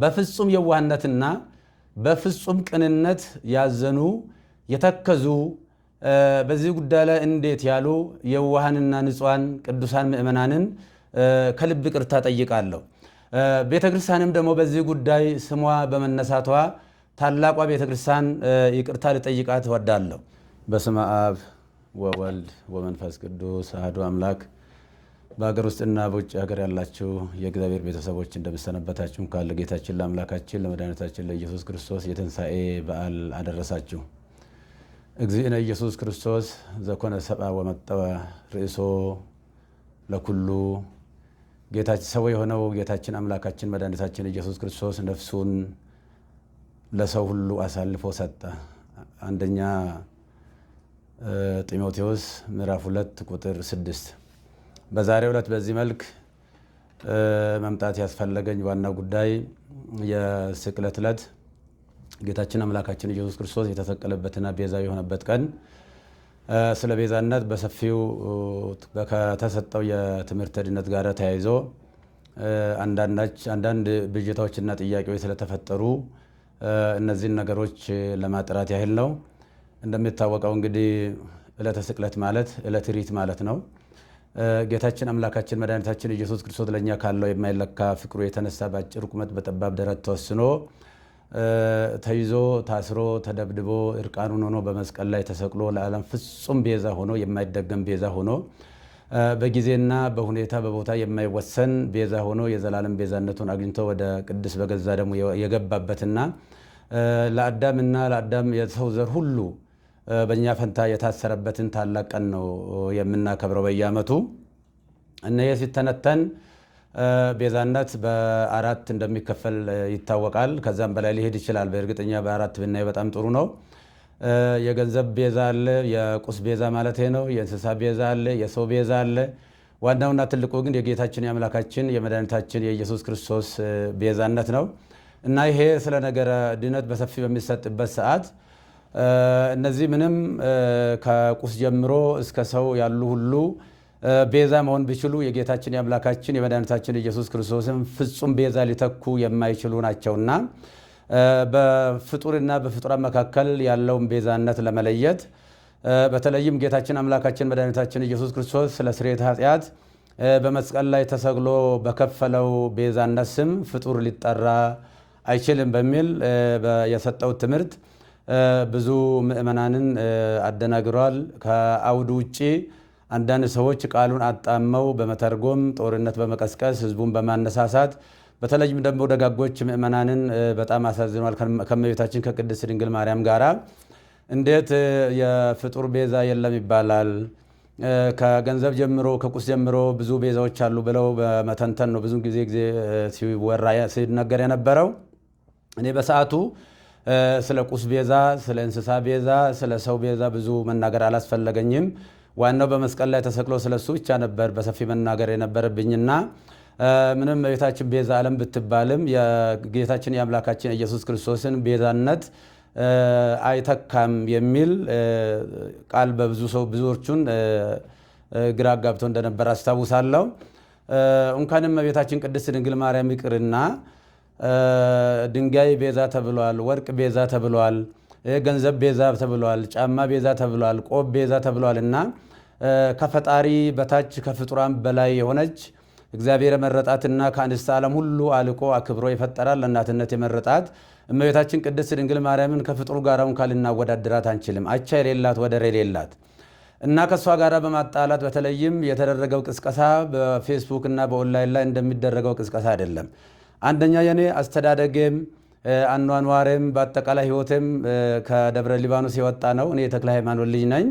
በፍጹም የዋህነትና በፍጹም ቅንነት ያዘኑ የተከዙ በዚህ ጉዳይ ላይ እንዴት ያሉ የዋሃንና ንጹሐን ቅዱሳን ምእመናንን ከልብ ቅርታ ጠይቃለሁ። ቤተ ክርስቲያንም ደግሞ በዚህ ጉዳይ ስሟ በመነሳቷ ታላቋ ቤተ ክርስቲያን ይቅርታ ልጠይቃት እወዳለሁ። በስመ አብ ወወልድ ወመንፈስ ቅዱስ አህዱ አምላክ በሀገር ውስጥና በውጭ ሀገር ያላችሁ የእግዚአብሔር ቤተሰቦች እንደምሰነበታችሁ ካለ ጌታችን ለአምላካችን ለመድኃኒታችን ለኢየሱስ ክርስቶስ የትንሣኤ በዓል አደረሳችሁ። እግዚእነ ኢየሱስ ክርስቶስ ዘኮነ ሰብአ ወመጠወ ርእሶ ለኩሉ ጌታችን ሰው የሆነው ጌታችን አምላካችን መድኃኒታችን ኢየሱስ ክርስቶስ ነፍሱን ለሰው ሁሉ አሳልፎ ሰጠ። አንደኛ ጢሞቴዎስ ምዕራፍ ሁለት ቁጥር ስድስት በዛሬው ዕለት በዚህ መልክ መምጣት ያስፈለገኝ ዋና ጉዳይ የስቅለት ዕለት ጌታችን አምላካችን ኢየሱስ ክርስቶስ የተሰቀለበትና ቤዛ የሆነበት ቀን ስለ ቤዛነት በሰፊው ከተሰጠው የትምህርት ድነት ጋር ተያይዞ አንዳንድ ብዥታዎችና ጥያቄዎች ስለተፈጠሩ እነዚህን ነገሮች ለማጥራት ያህል ነው። እንደሚታወቀው እንግዲህ ዕለተ ስቅለት ማለት ዕለተ ሪት ማለት ነው። ጌታችን አምላካችን መድኃኒታችን ኢየሱስ ክርስቶስ ለእኛ ካለው የማይለካ ፍቅሩ የተነሳ በአጭር ቁመት በጠባብ ደረት ተወስኖ ተይዞ ታስሮ ተደብድቦ እርቃኑን ሆኖ በመስቀል ላይ ተሰቅሎ ለዓለም ፍጹም ቤዛ ሆኖ የማይደገም ቤዛ ሆኖ በጊዜና በሁኔታ በቦታ የማይወሰን ቤዛ ሆኖ የዘላለም ቤዛነቱን አግኝቶ ወደ ቅድስ በገዛ ደግሞ የገባበትና ለአዳምና ለአዳም የሰው ዘር ሁሉ በእኛ ፈንታ የታሰረበትን ታላቅ ቀን ነው የምናከብረው በየዓመቱ እና ይህ ሲተነተን ቤዛነት በአራት እንደሚከፈል ይታወቃል። ከዛም በላይ ሊሄድ ይችላል። በእርግጠኛ በአራት ብናይ በጣም ጥሩ ነው። የገንዘብ ቤዛ አለ፣ የቁስ ቤዛ ማለት ነው። የእንስሳ ቤዛ አለ፣ የሰው ቤዛ አለ። ዋናውና ትልቁ ግን የጌታችን የአምላካችን የመድኃኒታችን የኢየሱስ ክርስቶስ ቤዛነት ነው እና ይሄ ስለ ነገረ ድነት በሰፊ በሚሰጥበት ሰዓት እነዚህ ምንም ከቁስ ጀምሮ እስከ ሰው ያሉ ሁሉ ቤዛ መሆን ቢችሉ የጌታችን የአምላካችን የመድኃኒታችን ኢየሱስ ክርስቶስን ፍጹም ቤዛ ሊተኩ የማይችሉ ናቸውና በፍጡርና በፍጡራን መካከል ያለውን ቤዛነት ለመለየት በተለይም ጌታችን አምላካችን መድኃኒታችን ኢየሱስ ክርስቶስ ስለ ስርየት ኃጢአት በመስቀል ላይ ተሰቅሎ በከፈለው ቤዛነት ስም ፍጡር ሊጠራ አይችልም በሚል የሰጠው ትምህርት ብዙ ምእመናንን አደናግሯል። ከአውድ ውጭ አንዳንድ ሰዎች ቃሉን አጣመው በመተርጎም ጦርነት በመቀስቀስ ህዝቡን በማነሳሳት በተለይም ደግሞ ደጋጎች ምዕመናንን በጣም አሳዝኗል። ከመቤታችን ከቅድስት ድንግል ማርያም ጋራ እንዴት የፍጡር ቤዛ የለም ይባላል? ከገንዘብ ጀምሮ ከቁስ ጀምሮ ብዙ ቤዛዎች አሉ ብለው በመተንተን ነው ብዙ ጊዜ ጊዜ ሲወራ ሲነገር የነበረው እኔ በሰዓቱ ስለ ቁስ ቤዛ፣ ስለ እንስሳ ቤዛ፣ ስለ ሰው ቤዛ ብዙ መናገር አላስፈለገኝም። ዋናው በመስቀል ላይ ተሰቅሎ ስለ እሱ ብቻ ነበር በሰፊ መናገር የነበረብኝና ምንም እመቤታችን ቤዛ ዓለም ብትባልም የጌታችን የአምላካችን ኢየሱስ ክርስቶስን ቤዛነት አይተካም የሚል ቃል በብዙ ሰው ብዙዎቹን ግራ አጋብቶ እንደነበር አስታውሳለሁ። እንኳንም እመቤታችን ቅድስት ድንግል ማርያም ይቅርና ድንጋይ ቤዛ ተብሏል፣ ወርቅ ቤዛ ተብሏል፣ ገንዘብ ቤዛ ተብሏል፣ ጫማ ቤዛ ተብሏል፣ ቆብ ቤዛ ተብሏል እና ከፈጣሪ በታች ከፍጡራን በላይ የሆነች እግዚአብሔር የመረጣትና ከአንስተ ዓለም ሁሉ አልቆ አክብሮ ይፈጠራል ለእናትነት የመረጣት እመቤታችን ቅድስት ድንግል ማርያምን ከፍጡሩ ጋር እንኳ አንችልም። አቻ የሌላት ወደር የሌላት እና ከእሷ ጋር በማጣላት በተለይም የተደረገው ቅስቀሳ በፌስቡክ እና በኦንላይን ላይ እንደሚደረገው ቅስቀሳ አይደለም። አንደኛ የኔ አስተዳደጌም አኗኗሬም በአጠቃላይ ህይወቴም ከደብረ ሊባኖስ የወጣ ነው። እኔ የተክለ ሃይማኖት ልጅ ነኝ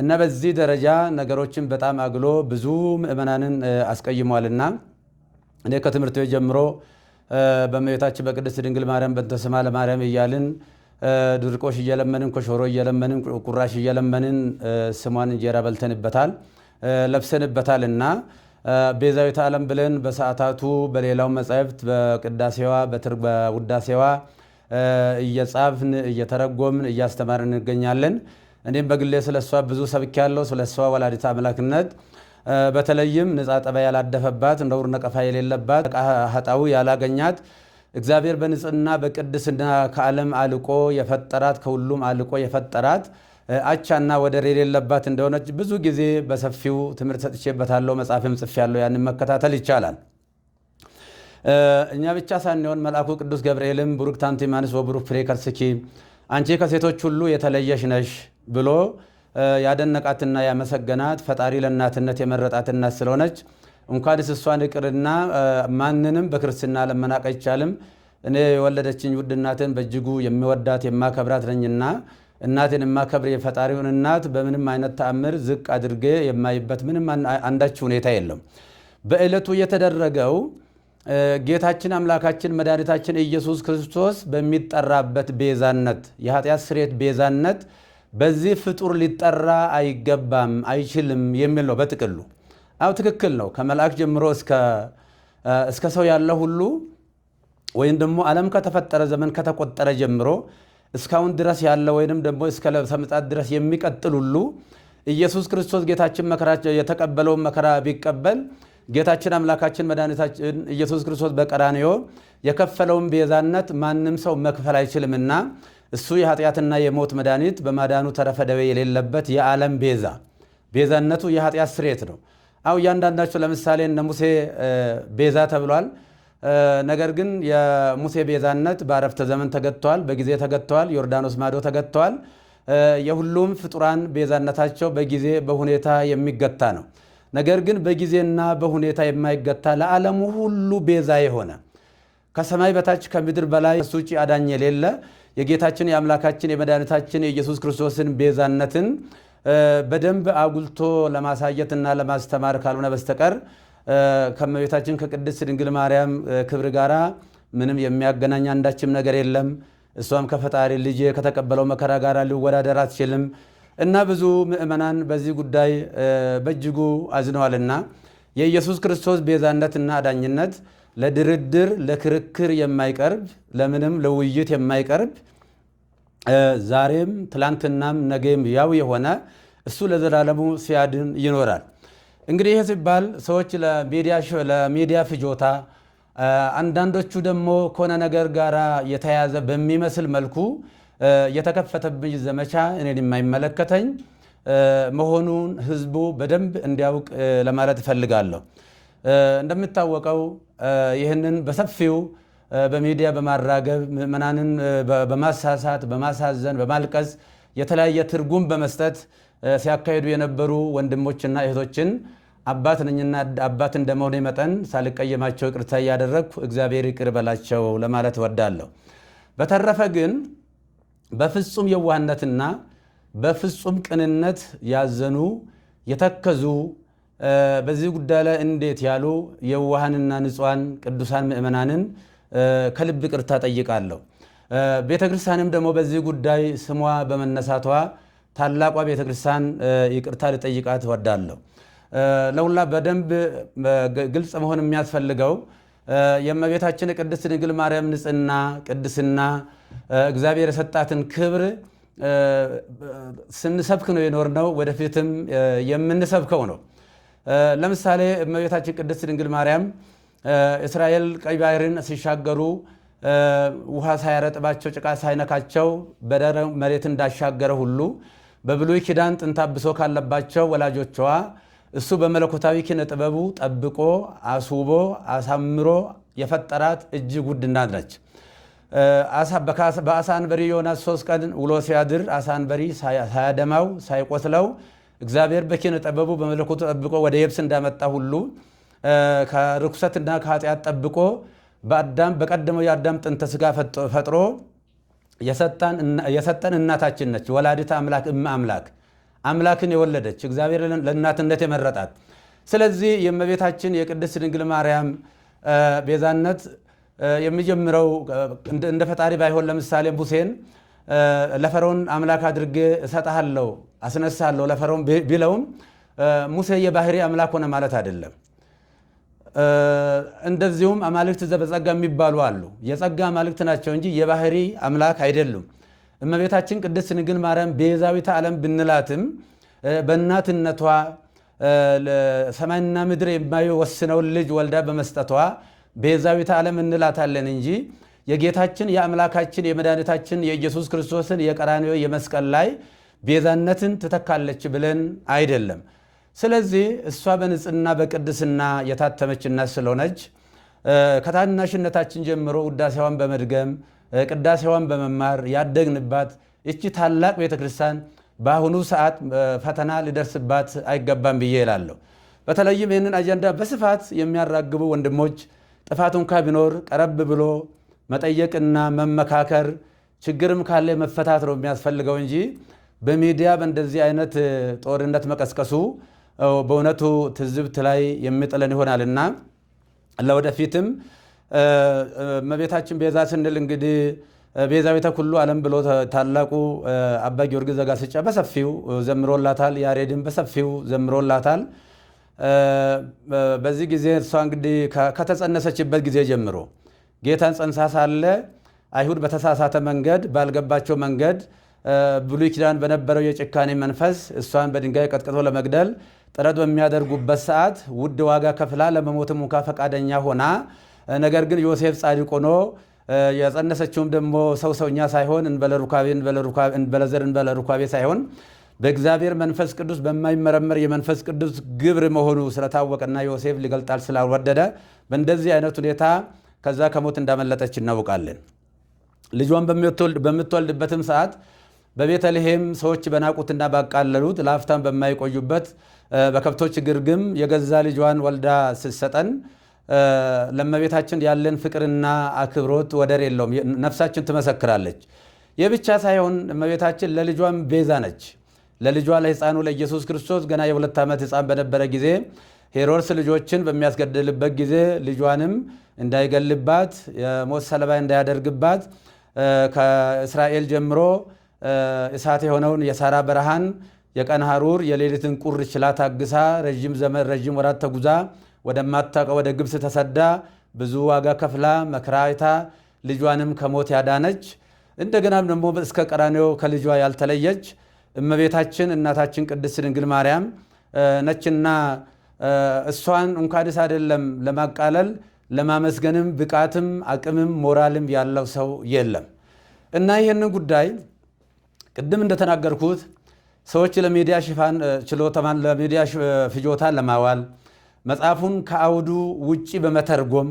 እና በዚህ ደረጃ ነገሮችን በጣም አግሎ ብዙ ምዕመናንን አስቀይሟልና እኔ ከትምህርት ቤት ጀምሮ በመቤታችን በቅድስት ድንግል ማርያም በእንተ ስማ ለማርያም እያልን ድርቆሽ እየለመንን ኮሾሮ እየለመንን ቁራሽ እየለመንን ስሟን እንጀራ በልተንበታል ለብሰንበታል እና ቤዛዊት ዓለም ብለን በሰዓታቱ በሌላው መጻሕፍት በቅዳሴዋ በውዳሴዋ እየጻፍን እየተረጎምን እያስተማርን እንገኛለን። እኔም በግሌ ስለሷ ብዙ ሰብኪ ያለው ስለሷ ወላዲት አምላክነት በተለይም ንጻ ጠባይ ያላደፈባት እንደ ውር ነቀፋ የሌለባት ሀጣዊ ያላገኛት እግዚአብሔር በንጽህና በቅድስና ከዓለም አልቆ የፈጠራት ከሁሉም አልቆ የፈጠራት አቻና ወደር የሌለባት እንደሆነች ብዙ ጊዜ በሰፊው ትምህርት ሰጥቼበታለሁ። መጽሐፍም ጽፌያለሁ። ያንን መከታተል ይቻላል። እኛ ብቻ ሳንሆን መልአኩ ቅዱስ ገብርኤልም ቡሩክ ታንቲማንስ ወቡሩክ ፍሬ ከርስኪ አንቺ ከሴቶች ሁሉ የተለየሽ ነሽ ብሎ ያደነቃትና ያመሰገናት ፈጣሪ ለእናትነት የመረጣት እናት ስለሆነች እንኳንስ እሷን እቅርና ማንንም በክርስትና ለመናቅ አይቻልም። እኔ የወለደችኝ ውድ እናትን በእጅጉ የሚወዳት የማከብራት ነኝና እናቴን የማከብር የፈጣሪውን እናት በምንም አይነት ተአምር ዝቅ አድርጌ የማይበት ምንም አንዳች ሁኔታ የለም። በዕለቱ የተደረገው ጌታችን አምላካችን መድኃኒታችን ኢየሱስ ክርስቶስ በሚጠራበት ቤዛነት የኃጢአት ስሬት ቤዛነት በዚህ ፍጡር ሊጠራ አይገባም አይችልም የሚል ነው በጥቅሉ። አው ትክክል ነው። ከመልአክ ጀምሮ እስከ ሰው ያለ ሁሉ ወይም ደግሞ ዓለም ከተፈጠረ ዘመን ከተቆጠረ ጀምሮ እስካሁን ድረስ ያለ ወይንም ደግሞ እስከ ለብሰ ምጽአት ድረስ የሚቀጥል ሁሉ ኢየሱስ ክርስቶስ ጌታችን መከራ የተቀበለውን መከራ ቢቀበል ጌታችን አምላካችን መድኃኒታችን ኢየሱስ ክርስቶስ በቀራንዮ የከፈለውን ቤዛነት ማንም ሰው መክፈል አይችልምና እሱ የኃጢአትና የሞት መድኃኒት በማዳኑ ተረፈ ደዌ የሌለበት የዓለም ቤዛ ቤዛነቱ የኃጢአት ስርየት ነው። አው እያንዳንዳቸው ለምሳሌ እነ ሙሴ ቤዛ ተብሏል። ነገር ግን የሙሴ ቤዛነት በአረፍተ ዘመን ተገጥተዋል፣ በጊዜ ተገጥተዋል፣ ዮርዳኖስ ማዶ ተገጥተዋል። የሁሉም ፍጡራን ቤዛነታቸው በጊዜ በሁኔታ የሚገታ ነው። ነገር ግን በጊዜና በሁኔታ የማይገታ ለዓለሙ ሁሉ ቤዛ የሆነ ከሰማይ በታች ከምድር በላይ እሱ ውጭ አዳኝ የሌለ የጌታችን የአምላካችን የመድኃኒታችን የኢየሱስ ክርስቶስን ቤዛነትን በደንብ አጉልቶ ለማሳየትና ለማስተማር ካልሆነ በስተቀር ከመቤታችን ከቅድስት ድንግል ማርያም ክብር ጋራ ምንም የሚያገናኝ አንዳችም ነገር የለም። እሷም ከፈጣሪ ልጅ ከተቀበለው መከራ ጋር ሊወዳደር አትችልም እና ብዙ ምእመናን በዚህ ጉዳይ በእጅጉ አዝነዋልና የኢየሱስ ክርስቶስ ቤዛነትና አዳኝነት ለድርድር ለክርክር የማይቀርብ ለምንም ለውይይት የማይቀርብ ዛሬም ትላንትናም ነገም ያው የሆነ እሱ ለዘላለሙ ሲያድን ይኖራል። እንግዲህ ይህ ሲባል ሰዎች ለሚዲያ ፍጆታ፣ አንዳንዶቹ ደግሞ ከሆነ ነገር ጋር የተያዘ በሚመስል መልኩ የተከፈተብኝ ዘመቻ እኔን የማይመለከተኝ መሆኑን ህዝቡ በደንብ እንዲያውቅ ለማለት እፈልጋለሁ። እንደሚታወቀው ይህንን በሰፊው በሚዲያ በማራገብ ምዕመናንን በማሳሳት፣ በማሳዘን፣ በማልቀስ የተለያየ ትርጉም በመስጠት ሲያካሄዱ የነበሩ ወንድሞችና እህቶችን አባት ነኝና አባት እንደመሆኔ መጠን ሳልቀየማቸው ይቅርታ እያደረግኩ እግዚአብሔር ይቅር በላቸው ለማለት እወዳለሁ። በተረፈ ግን በፍጹም የዋህነትና በፍጹም ቅንነት ያዘኑ የተከዙ በዚህ ጉዳይ ላይ እንዴት ያሉ የዋሃንና ንጹሐን ቅዱሳን ምእመናንን ከልብ ቅርታ ጠይቃለሁ። ቤተ ክርስቲያንም ደግሞ በዚህ ጉዳይ ስሟ በመነሳቷ ታላቋ ቤተ ክርስቲያን ይቅርታ ልጠይቃት እወዳለሁ። ለሁላ በደንብ ግልጽ መሆን የሚያስፈልገው የእመቤታችን ቅድስት ድንግል ማርያም ንጽህና ቅድስና እግዚአብሔር የሰጣትን ክብር ስንሰብክ ነው የኖርነው፣ ወደፊትም የምንሰብከው ነው። ለምሳሌ እመቤታችን ቅድስት ድንግል ማርያም እስራኤል ቀይ ባህርን ሲሻገሩ ውሃ ሳያረጥባቸው ጭቃ ሳይነካቸው በደረ መሬት እንዳሻገረ ሁሉ በብሉይ ኪዳን ጥንታብሶ ካለባቸው ወላጆቿ እሱ በመለኮታዊ ኪነ ጥበቡ ጠብቆ አስውቦ አሳምሮ የፈጠራት እጅግ ውድ እናት ነች። በአሳ አንበሪ ዮናስ ሶስት ቀን ውሎ ሲያድር አሳ አንበሪ ሳያደማው ሳይቆስለው እግዚአብሔር በኪነ ጥበቡ በመለኮቱ ጠብቆ ወደ የብስ እንዳመጣ ሁሉ ከርኩሰትና ከኃጢአት ጠብቆ በአዳም በቀደመው የአዳም ጥንተ ስጋ ፈጥሮ የሰጠን እናታችን ነች። ወላዲተ አምላክ እመ አምላክ አምላክን የወለደች እግዚአብሔር ለእናትነት የመረጣት። ስለዚህ የእመቤታችን የቅድስት ድንግል ማርያም ቤዛነት የሚጀምረው እንደ ፈጣሪ ባይሆን ለምሳሌ ሙሴን ለፈርዖን አምላክ አድርጌ እሰጥሃለሁ አስነሳለሁ ለፈርዖን ቢለውም ሙሴ የባህሪ አምላክ ሆነ ማለት አይደለም። እንደዚሁም አማልክት ዘበጸጋ የሚባሉ አሉ። የጸጋ አማልክት ናቸው እንጂ የባህሪ አምላክ አይደሉም። እመቤታችን ቅድስት ድንግል ማርያም ቤዛዊተ ዓለም ብንላትም በእናትነቷ ሰማይና ምድር የማይወስነውን ልጅ ወልዳ በመስጠቷ ቤዛዊተ ዓለም እንላታለን እንጂ የጌታችን የአምላካችን የመድኃኒታችን የኢየሱስ ክርስቶስን የቀራንዮ የመስቀል ላይ ቤዛነትን ትተካለች ብለን አይደለም። ስለዚህ እሷ በንጽህና በቅድስና የታተመች ስለሆነች ከታናሽነታችን ጀምሮ ውዳሴዋን በመድገም ቅዳሴዋን በመማር ያደግንባት እቺ ታላቅ ቤተክርስቲያን በአሁኑ ሰዓት ፈተና ሊደርስባት አይገባም ብዬ እላለሁ። በተለይም ይህንን አጀንዳ በስፋት የሚያራግቡ ወንድሞች ጥፋት እንኳ ቢኖር ቀረብ ብሎ መጠየቅና መመካከር፣ ችግርም ካለ መፈታት ነው የሚያስፈልገው እንጂ በሚዲያ በእንደዚህ አይነት ጦርነት መቀስቀሱ በእውነቱ ትዝብት ላይ የሚጥለን ይሆናል ለወደፊትም እመቤታችን ቤዛ ስንል እንግዲህ ቤዛዊተ ኩሉ ዓለም ብሎ ታላቁ አባ ጊዮርጊስ ዘጋስጫ በሰፊው ዘምሮላታል። ያሬድን በሰፊው ዘምሮላታል። በዚህ ጊዜ እሷ እንግዲህ ከተጸነሰችበት ጊዜ ጀምሮ ጌታን ጸንሳ ሳለ አይሁድ በተሳሳተ መንገድ ባልገባቸው መንገድ ብሉይ ኪዳን በነበረው የጭካኔ መንፈስ እሷን በድንጋይ ቀጥቅጦ ለመግደል ጥረት በሚያደርጉበት ሰዓት ውድ ዋጋ ከፍላ ለመሞት ሙካ ፈቃደኛ ሆና ነገር ግን ዮሴፍ ጻድቅ ሆኖ የጸነሰችውም ደግሞ ሰው ሰውኛ ሳይሆን እንበለዘር ሩካቤ ሳይሆን በእግዚአብሔር መንፈስ ቅዱስ በማይመረመር የመንፈስ ቅዱስ ግብር መሆኑ ስለታወቀና ዮሴፍ ሊገልጣል ስላልወደደ በእንደዚህ አይነት ሁኔታ ከዛ ከሞት እንዳመለጠች እናውቃለን። ልጇን በምትወልድበትም ሰዓት በቤተልሔም ሰዎች በናቁትና ባቃለሉት ለአፍታም በማይቆዩበት በከብቶች ግርግም የገዛ ልጇን ወልዳ ስትሰጠን ለእመቤታችን ያለን ፍቅርና አክብሮት ወደር የለውም። ነፍሳችን ትመሰክራለች። ይህ ብቻ ሳይሆን እመቤታችን ለልጇም ቤዛ ነች። ለልጇ ለሕፃኑ ለኢየሱስ ክርስቶስ ገና የሁለት ዓመት ሕፃን በነበረ ጊዜ ሄሮድስ ልጆችን በሚያስገድልበት ጊዜ ልጇንም እንዳይገልባት የሞት ሰለባ እንዳያደርግባት ከእስራኤል ጀምሮ እሳት የሆነውን የሳራ በረሃን የቀን ሐሩር የሌሊትን ቁር ችላ ታግሳ ረዥም ዘመን ረዥም ወራት ተጉዛ ወደማታውቀው ወደ ግብፅ ተሰዳ ብዙ ዋጋ ከፍላ መከራይታ ልጇንም ከሞት ያዳነች እንደገናም ደግሞ እስከ ቀራኔው ከልጇ ያልተለየች እመቤታችን እናታችን ቅድስት ድንግል ማርያም ነችና እሷን እንኳንስ አይደለም ለማቃለል ለማመስገንም ብቃትም አቅምም ሞራልም ያለው ሰው የለም እና ይህንን ጉዳይ ቅድም እንደተናገርኩት ሰዎች ለሚዲያ ሽፋን ችሎታማን ለሚዲያ ፍጆታ ለማዋል መጽሐፉን ከአውዱ ውጪ በመተርጎም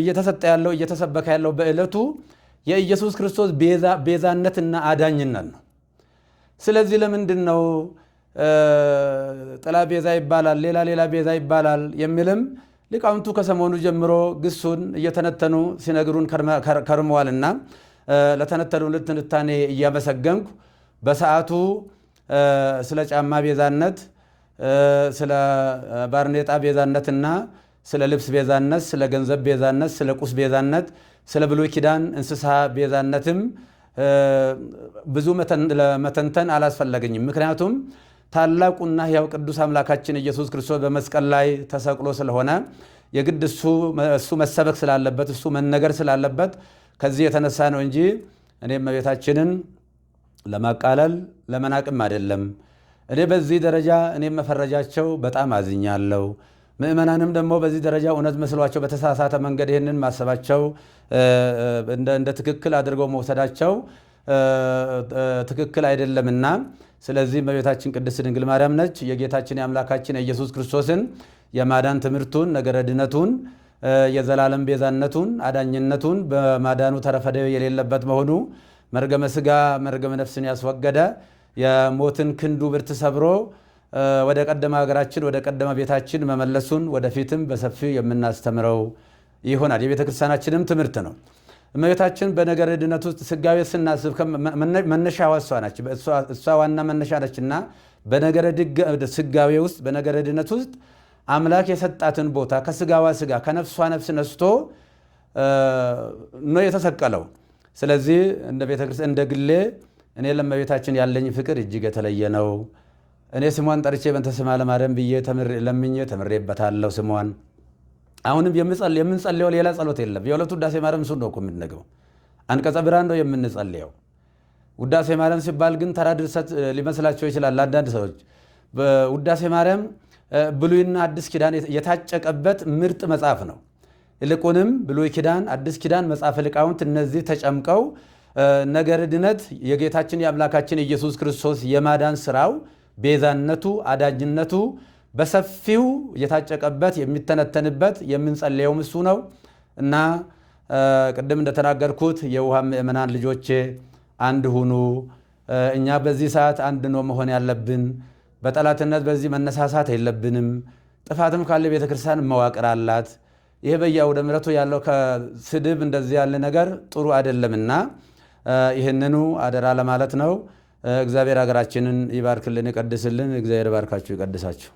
እየተሰጠ ያለው እየተሰበከ ያለው በዕለቱ የኢየሱስ ክርስቶስ ቤዛነትና አዳኝነት ነው። ስለዚህ ለምንድን ነው ጥላ ቤዛ ይባላል፣ ሌላ ሌላ ቤዛ ይባላል የሚልም ሊቃውንቱ ከሰሞኑ ጀምሮ ግሱን እየተነተኑ ሲነግሩን ከርመዋልና ለተነተሉ ትንታኔ እያመሰገንኩ በሰዓቱ ስለ ጫማ ቤዛነት፣ ስለ ባርኔጣ ቤዛነትና ስለ ልብስ ቤዛነት፣ ስለ ገንዘብ ቤዛነት፣ ስለ ቁስ ቤዛነት፣ ስለ ብሉይ ኪዳን እንስሳ ቤዛነትም ብዙ መተንተን አላስፈለገኝም። ምክንያቱም ታላቁና ያው ቅዱስ አምላካችን ኢየሱስ ክርስቶስ በመስቀል ላይ ተሰቅሎ ስለሆነ የግድ እሱ መሰበክ ስላለበት እሱ መነገር ስላለበት ከዚህ የተነሳ ነው እንጂ እኔ እመቤታችንን ለማቃለል ለመናቅም አይደለም። እኔ በዚህ ደረጃ እኔ መፈረጃቸው በጣም አዝኛለሁ። ምእመናንም ደግሞ በዚህ ደረጃ እውነት መስሏቸው በተሳሳተ መንገድ ይህንን ማሰባቸው እንደ ትክክል አድርገው መውሰዳቸው ትክክል አይደለምና ስለዚህ እመቤታችን ቅድስት ድንግል ማርያም ነች የጌታችን የአምላካችን የኢየሱስ ክርስቶስን የማዳን ትምህርቱን ነገረ ድነቱን የዘላለም ቤዛነቱን አዳኝነቱን በማዳኑ ተረፈደ የሌለበት መሆኑ መርገመ ስጋ መርገመ ነፍስን ያስወገደ የሞትን ክንዱ ብርት ሰብሮ ወደ ቀደመ ሀገራችን ወደ ቀደመ ቤታችን መመለሱን ወደፊትም በሰፊው የምናስተምረው ይሆናል። የቤተ ክርስቲያናችንም ትምህርት ነው። እመቤታችን በነገረ ድነት ውስጥ ስጋዌ ስናስብ መነሻ እሷ ናች። እሷ ዋና መነሻ ነችና በነገረ ስጋዌ ውስጥ በነገረ ድነት ውስጥ አምላክ የሰጣትን ቦታ ከስጋዋ ስጋ ከነፍሷ ነፍስ ነስቶ ነው የተሰቀለው። ስለዚህ እንደ ቤተክርስቲያን እንደ ግሌ እኔ ለመቤታችን ያለኝ ፍቅር እጅግ የተለየ ነው። እኔ ስሟን ጠርቼ በእንተ ስማ ለማርያም ብዬ ለምኜ ተምሬበታለሁ። ስሟን አሁንም የምንጸልየው ሌላ ጸሎት የለም። የሁለቱ ውዳሴ ማርያም እሱን ነው እኮ የምንነግረው። አንቀጸ ብርሃን ነው የምንጸልየው። ውዳሴ ማርያም ሲባል ግን ተራ ድርሰት ሊመስላቸው ይችላል አንዳንድ ሰዎች ውዳሴ ማርያም ብሉይና አዲስ ኪዳን የታጨቀበት ምርጥ መጽሐፍ ነው። ይልቁንም ብሉይ ኪዳን፣ አዲስ ኪዳን፣ መጽሐፈ ሊቃውንት እነዚህ ተጨምቀው ነገረ ድነት የጌታችን የአምላካችን ኢየሱስ ክርስቶስ የማዳን ስራው ቤዛነቱ፣ አዳጅነቱ በሰፊው የታጨቀበት የሚተነተንበት የምንጸልየውም እሱ ነው እና ቅድም እንደተናገርኩት የውሃ ምእመናን ልጆቼ አንድ ሁኑ። እኛ በዚህ ሰዓት አንድ ነው መሆን ያለብን። በጠላትነት በዚህ መነሳሳት የለብንም። ጥፋትም ካለ ቤተክርስቲያን መዋቅር አላት። ይሄ በየአውደ ያለው ከስድብ እንደዚህ ያለ ነገር ጥሩ አይደለምና ይህንኑ አደራ ለማለት ነው። እግዚአብሔር ሀገራችንን ይባርክልን፣ ይቀድስልን። እግዚአብሔር ባርካችሁ ይቀድሳችሁ።